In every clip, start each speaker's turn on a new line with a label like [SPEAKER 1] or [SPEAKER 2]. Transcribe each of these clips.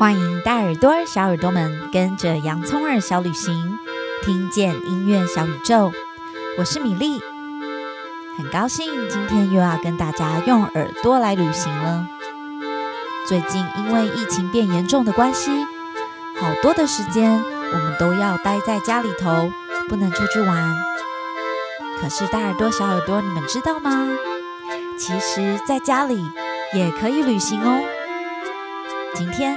[SPEAKER 1] 歡迎大耳朵、小耳朵們跟着洋蔥耳小旅行，聽見音樂小宇宙。我是米粒，很高興今天又要跟大家用耳朵來旅行了。最近因為疫情變嚴重的關係，好多的時間我們都要待在家裡頭，不能出去玩。可是大耳朵、小耳朵，你們知道嗎？其實，在家裡也可以旅行哦。今天，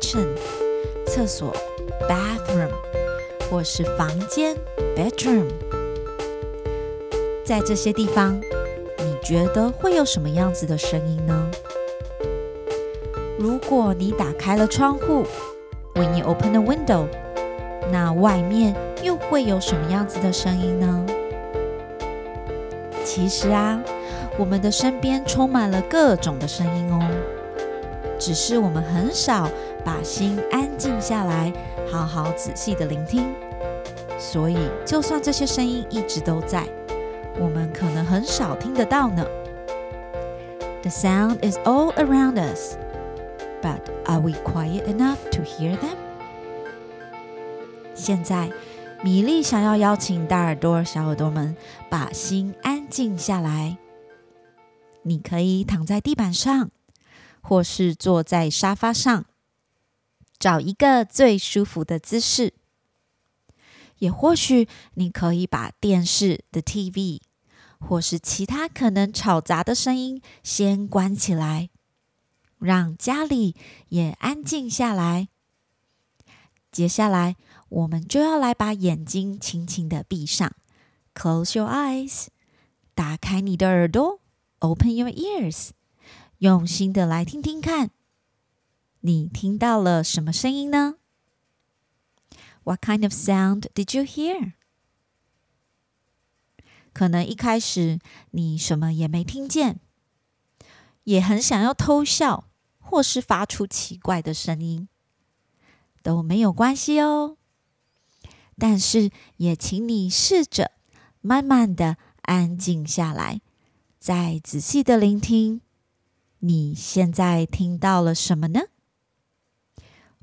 [SPEAKER 1] Kitchen、廁所、bathroom，或是房間 bedroom，在這些地方，你覺得會有什麼樣子的聲音呢？如果你打開了窗戶，when you open the window，那外面又會有什麼樣子的聲音呢？其實啊，我們的身邊充滿了各種的聲音哦，只是我們很少。把心安靜下來，好好仔細的聆聽。所以，就算這些聲音一直都在，我們可能很少聽得到呢。The sound is all around us, but are we quiet enough to hear them? 現在，米粒想要邀請大耳朵、小耳朵們把心安靜下來。你可以躺在地板上，或是坐在沙發上。找一個最舒服的姿勢，也或許你可以把電視的 TV 或是其他可能吵雜的聲音先關起來，讓家裡也安靜下來。接下來，我們就要來把眼睛輕輕的閉上，Close your eyes，打開你的耳朵，Open your ears。用心的來聽聽看。你聽到了什麼聲音呢？What kind of sound did you hear？可能一開始你什麼也沒聽見，也很想要偷笑，或是發出奇怪的聲音，都沒有關係哦。但是也請你試着慢慢的安靜下來，再仔細的聆聽。你現在聽到了什麼呢？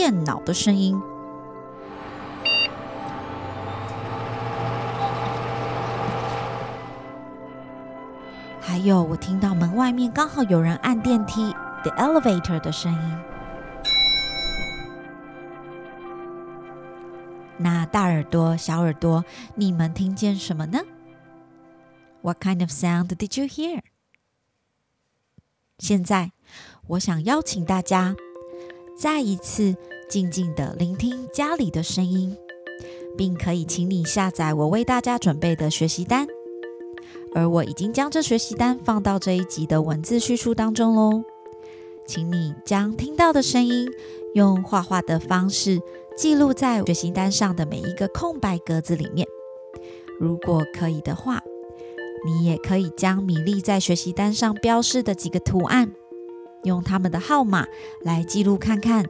[SPEAKER 1] 電腦的聲音，還有我聽到門外面剛好有人按電梯 （the elevator） 的聲音。那大耳朵、小耳朵，你們聽見什麼呢？What kind of sound did you hear？現在，我想邀請大家。再一次靜靜地聆聽家裡的聲音，並可以請你下載我為大家準備的學習單。而我已經將這學習單放到這一集的文字敘述當中嘍。請你將聽到的聲音用畫畫的方式記錄在學習單上的每一個空白格子裡面。如果可以的話，你也可以將米粒在學習單上標示的幾個圖案。用他們的號碼來記錄，看看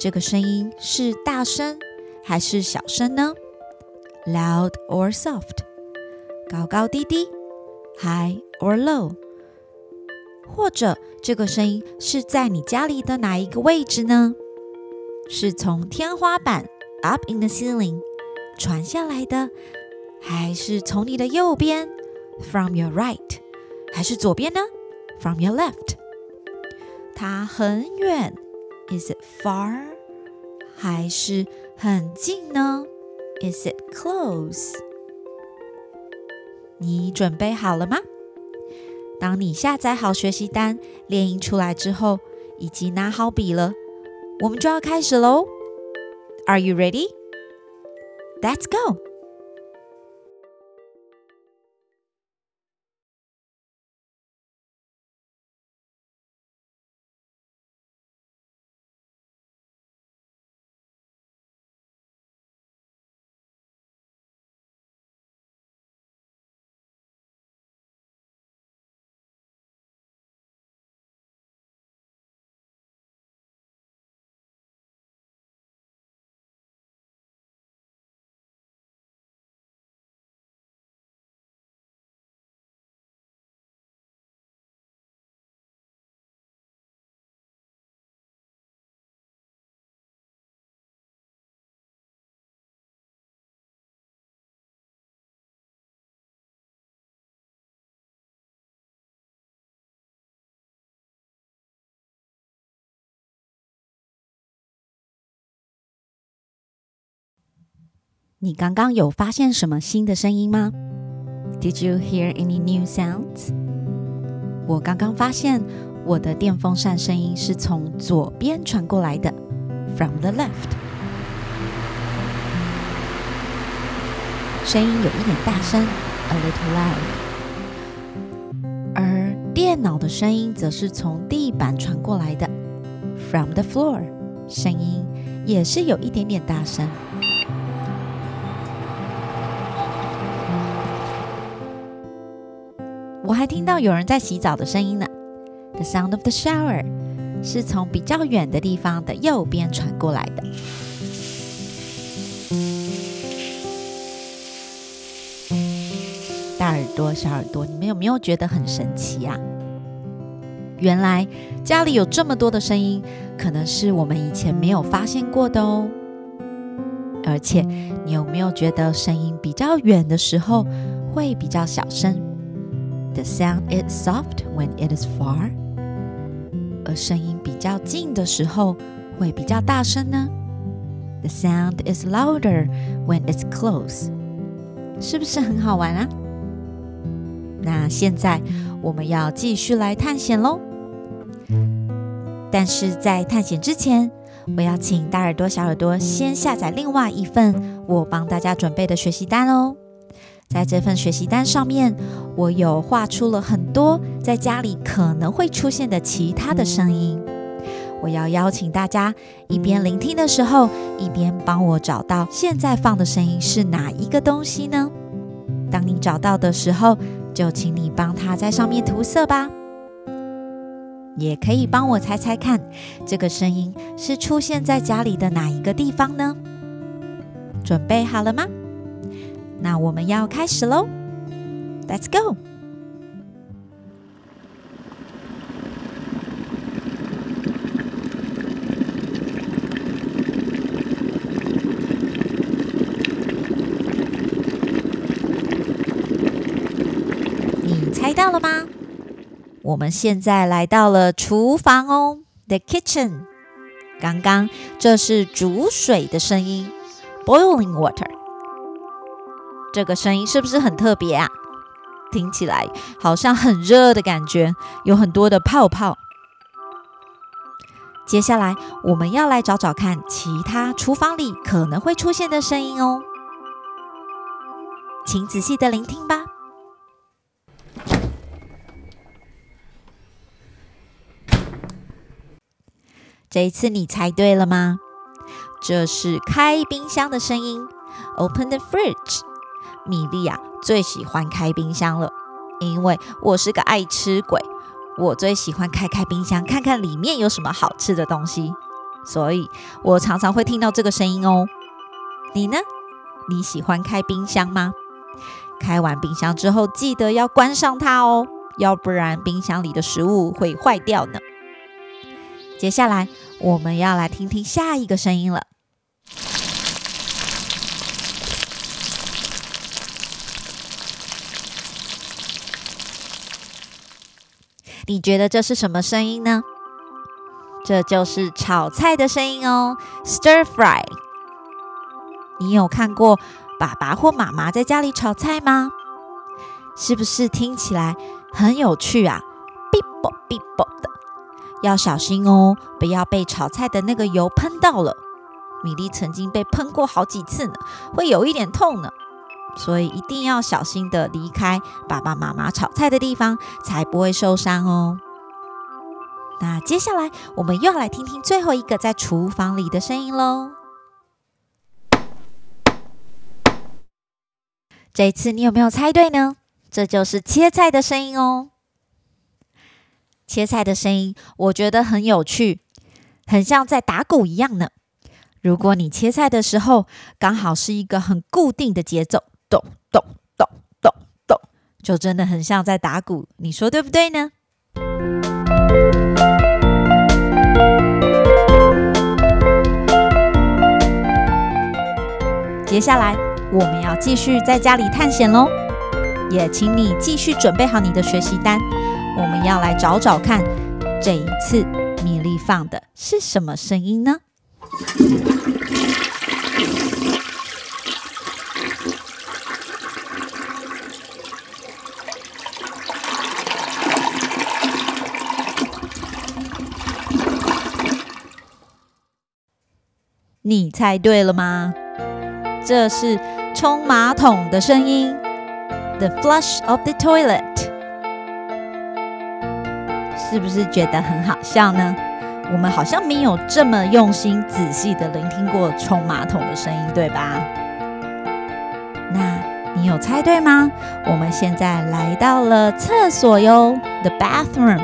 [SPEAKER 1] 這個聲音是大聲還是小聲呢？loud or soft，高高低低，high or low，或者這個聲音是在你家裡的哪一個位置呢？是從天花板 up in the ceiling 傳下來的，還是從你的右邊 from your right，還是左邊呢 from your left？它很遠，Is it far？還是很近呢，Is it close？你準備好了嗎？當你下載好學習單、練音出來之後，已經拿好筆了，我們就要開始嘍。Are you ready？Let's go！你剛剛有發現什麼新的聲音嗎？Did you hear any new sounds？我剛剛發現我的電風扇聲音是從左邊傳過來的，from the left。聲音有一點大聲，a little loud。而電腦的聲音則是從地板傳過來的，from the floor。聲音也是有一點點大聲。我還聽到有人在洗澡的聲音呢，The sound of the shower 是從比較遠的地方的右邊傳過來的。大耳朵、小耳朵，你們有沒有覺得很神奇啊？原來家裡有這麼多的聲音，可能是我們以前沒有發現過的哦。而且，你有沒有覺得聲音比較遠的時候會比較小聲？The sound is soft when it is far，而聲音比較近的時候會比較大聲呢。The sound is louder when it's close，是不是很好玩啊？那現在我們要繼續來探險嘍！但是在探險之前，我要請大耳朵、小耳朵先下載另外一份我幫大家準備的學習單哦。在這份學習單上面，我有畫出了很多在家裡可能會出現的其他的聲音。我要邀請大家一邊聆聽的時候，一邊幫我找到現在放的聲音是哪一個東西呢？當你找到的時候，就請你幫他在上面塗色吧。也可以幫我猜猜看，這個聲音是出現在家裡的哪一個地方呢？準備好了嗎？那我們要開始嘍，Let's go！你猜到了嗎？我們現在來到了廚房哦，the kitchen。剛剛這是煮水的聲音，boiling water。這個聲音是不是很特別啊？聽起來好像很熱的感覺，有很多的泡泡。接下來我們要來找找看，其他廚房裡可能會出現的聲音哦，請仔細的聆聽吧。這一次你猜對了嗎？這是開冰箱的聲音，Open the fridge。米粒呀，最喜歡開冰箱了，因為我是個愛吃鬼。我最喜歡開開冰箱，看看裡面有什麼好吃的東西，所以我常常會聽到這個聲音哦。你呢？你喜歡開冰箱嗎？開完冰箱之後，記得要關上它哦，要不然冰箱裡的食物會壞掉呢。接下來，我們要來聽聽下一個聲音了。你覺得這是什麼聲音呢？這就是炒菜的聲音哦，stir fry。你有看過爸爸或媽媽在家裡炒菜嗎？是不是聽起來很有趣啊？嗶啵嗶啵的，要小心哦，不要被炒菜的那個油噴到了。米粒曾經被噴過好幾次呢，會有一點痛呢。所以一定要小心的離開爸爸媽媽炒菜的地方，才不會受傷哦。那接下來我們又要來聽聽最後一個在廚房裡的聲音嘍。這一次你有沒有猜對呢？這就是切菜的聲音哦。切菜的聲音我覺得很有趣，很像在打鼓一樣呢。如果你切菜的時候剛好是一個很固定的節奏。咚咚咚咚咚，就真的很像在打鼓，你說對不對呢？接下來我們要繼續在家裡探險嘍，也請你繼續準備好你的學習單，我們要來找找看，這一次米粒放的是什麼聲音呢？音你猜對了嗎？這是沖馬桶的聲音，the flush of the toilet，是不是覺得很好笑呢？我們好像沒有這麼用心仔細的聆聽過沖馬桶的聲音，對吧？那你有猜對嗎？我們現在來到了廁所喲，the bathroom。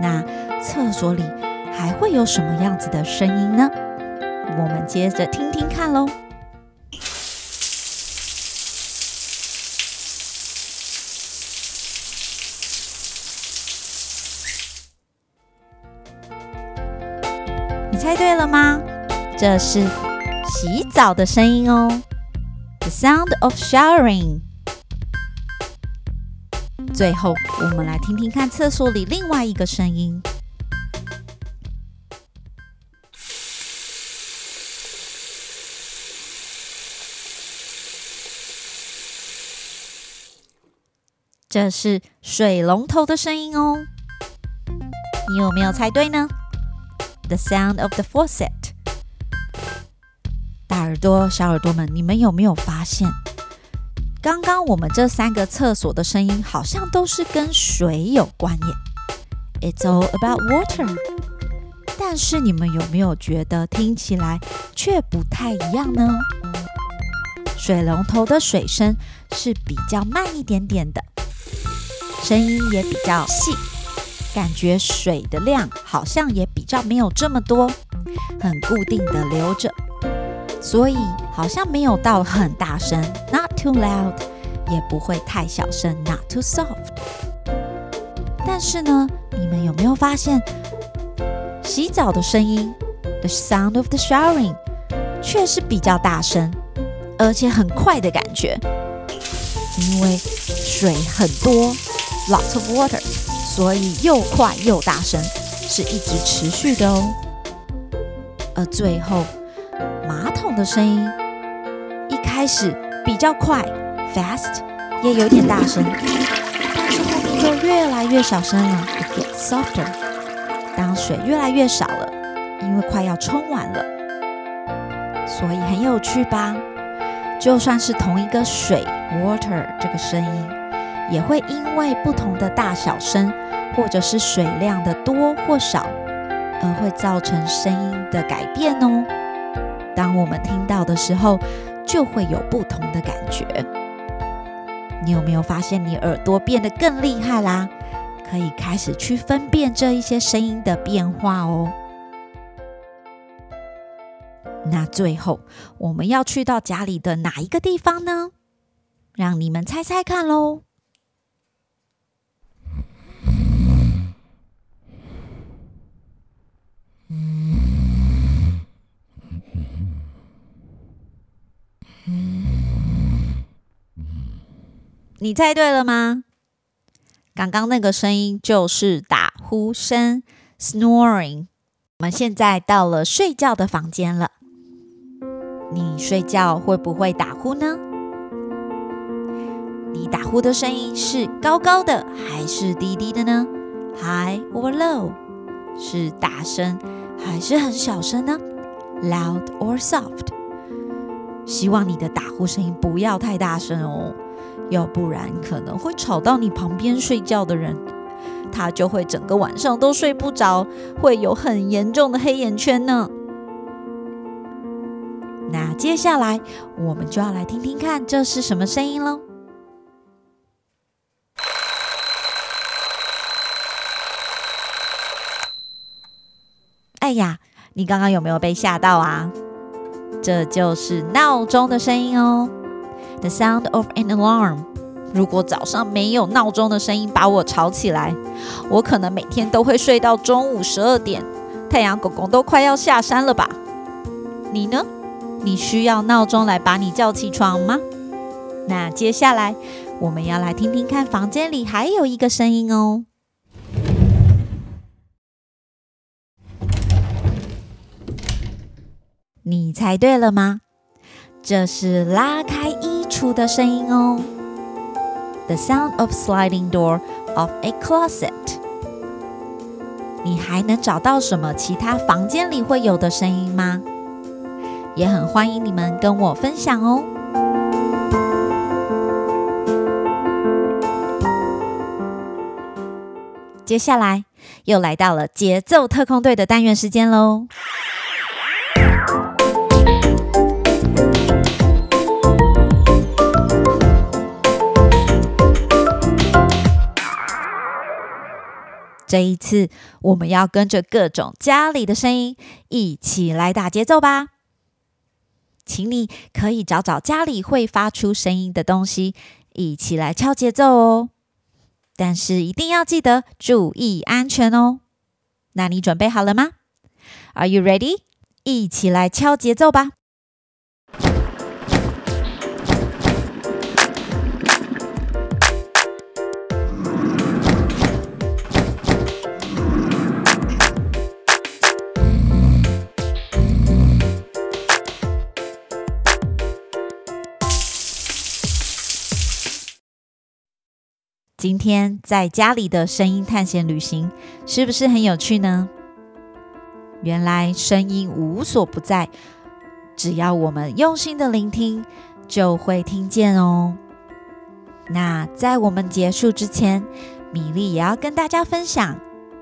[SPEAKER 1] 那廁所裡還會有什麼樣子的聲音呢？
[SPEAKER 2] 我們接着聽聽看
[SPEAKER 1] 嘍。你猜對了嗎？這是洗澡的聲音哦，The sound of showering。最後，我們來聽聽看廁所裡另外一個聲音。這是水龍頭的聲音哦，你有沒有猜對呢？The sound of the faucet。大耳朵、小耳朵們，你們有沒有發現，剛剛我們這三個廁所的聲音好像都是跟水有關耶。It's all about water。但是你們有沒有覺得聽起來卻不太一樣呢？水龍頭的水聲是比較慢一點點的。聲音也比較細，感覺水的量好像也比較沒有這麼多，很固定的流着，所以好像沒有到很大聲，not too loud，也不會太小聲，not too soft。但是呢，你們有沒有發現，洗澡的聲音，the sound of the showering，確實比較大聲，而且很快的感覺，因為水很多。Lots of water，所以又快又大聲，是一直持續的哦。而最後，馬桶的聲音一開始比較快，fast，也有點大聲，但是後面就越來越小聲了，it gets softer。當水越來越少了，因為快要沖完了，所以很有趣吧？就算是同一個水，water 這個聲音。也會因為不同的大小聲，或者是水量的多或少，而會造成聲音的改變哦。當我們聽到的時候，就會有不同的感覺。你有沒有發現你耳朵變得更厲害啦？可以開始去分辨這一些聲音的變化哦。那最後我們要去到家裡的哪一個地方呢？讓你們猜猜看嘍！你猜對了嗎？剛剛那個聲音就是打呼聲 （snoring）。我們現在到了睡覺的房間了。你睡覺會不會打呼呢？你打呼的聲音是高高的還是低低的呢？High or low？是大聲，還是很小聲呢？Loud or soft？希望你的打呼聲音不要太大聲哦，要不然可能會吵到你旁邊睡覺的人，他就會整個晚上都睡不着，會有很嚴重的黑眼圈呢。那接下來我們就要來聽聽看這是什麼聲音咯。哎呀，你剛剛有沒有被嚇到啊？這就是鬧鐘的聲音哦，the sound of an alarm。如果早上沒有鬧鐘的聲音把我吵起來，我可能每天都會睡到中午十二點，太陽公公都快要下山了吧？你呢？你需要鬧鐘來把你叫起床嗎？那接下來我們要來聽聽看，房間裡還有一個聲音哦。你猜對了嗎？這是拉開衣櫥的聲音哦。The sound of sliding door of a closet。你還能找到什麼其他房間裡會有的聲音嗎？也很歡迎你們跟我分享哦。接下來又來到了節奏特工隊的單元時間嘍。這一次，我們要跟着各種家裡的聲音一起來打節奏吧。請你可以找找家裡會發出聲音的東西，一起來敲節奏哦。但是一定要記得注意安全哦。那你準備好了嗎？Are you ready？一起來敲節奏吧。今天在家裡的聲音探險旅行是不是很有趣呢？原來聲音無所不在，只要我們用心的聆聽，就會聽見哦。那在我們結束之前，米粒也要跟大家分享，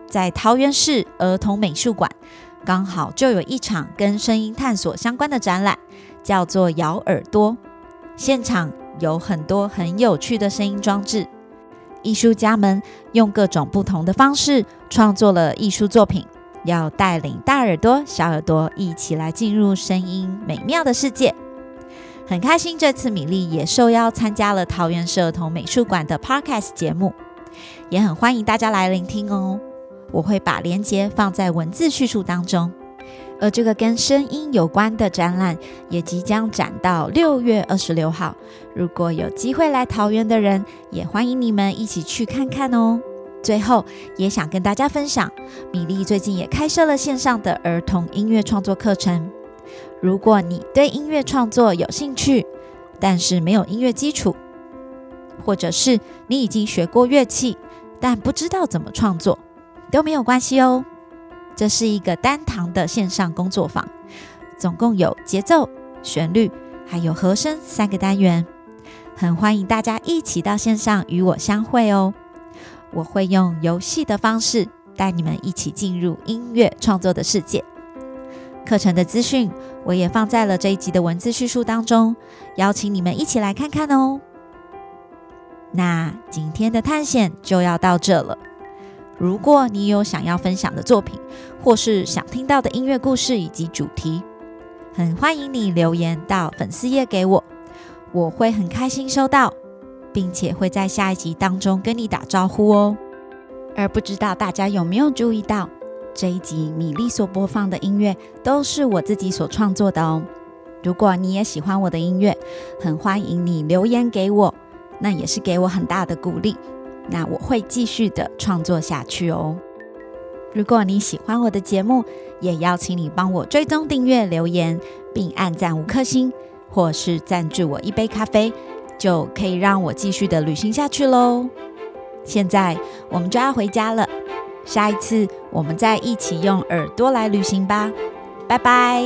[SPEAKER 1] 在桃園市兒童美術館剛好就有一場跟聲音探索相關的展覽，叫做“咬耳朵”，現場有很多很有趣的聲音裝置。藝術家們用各種不同的方式創作了藝術作品，要帶領大耳朵、小耳朵一起來進入聲音美妙的世界。很開心，這次米粒也受邀參加了桃園市兒童美術館的 Podcast 節目，也很歡迎大家來聆聽哦。我會把鏈接放在文字敘述當中。而這個跟聲音有關的展覽也即將展到六月二十六號，如果有機會來桃園的人，也歡迎你們一起去看看哦。最後，也想跟大家分享，米粒最近也開設了線上的兒童音樂創作課程。如果你對音樂創作有興趣，但是沒有音樂基礎，或者是你已經學過樂器，但不知道怎麼創作，都沒有關係哦。這是一個單堂的線上工作坊，總共有節奏、旋律，還有和聲三個單元，很歡迎大家一起到線上與我相會哦。我會用遊戲的方式帶你們一起進入音樂創作的世界。課程的資訊我也放在了這一集的文字敘述當中，邀請你們一起來看看哦。那今天的探險就要到這了。如果你有想要分享的作品，或是想聽到的音樂故事以及主題，很歡迎你留言到粉絲頁給我，我會很開心收到，並且會在下一集當中跟你打招呼哦。而不知道大家有沒有注意到，這一集米粒所播放的音樂都是我自己所創作的哦。如果你也喜歡我的音樂，很歡迎你留言給我，那也是給我很大的鼓勵。那我會繼續的創作下去哦。如果你喜歡我的節目，也邀請你幫我追蹤、訂閱、留言，並按讚五顆星，或是贊助我一杯咖啡，就可以讓我繼續的旅行下去嘍。現在我們就要回家了，下一次我們再一起用耳朵來旅行吧，拜拜。